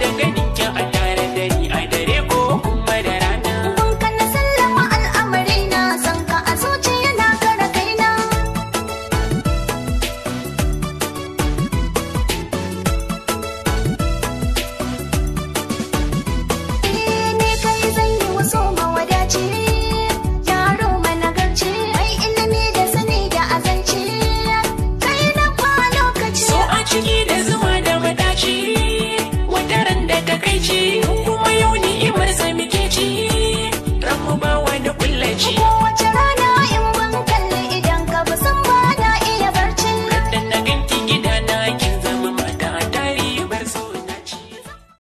de que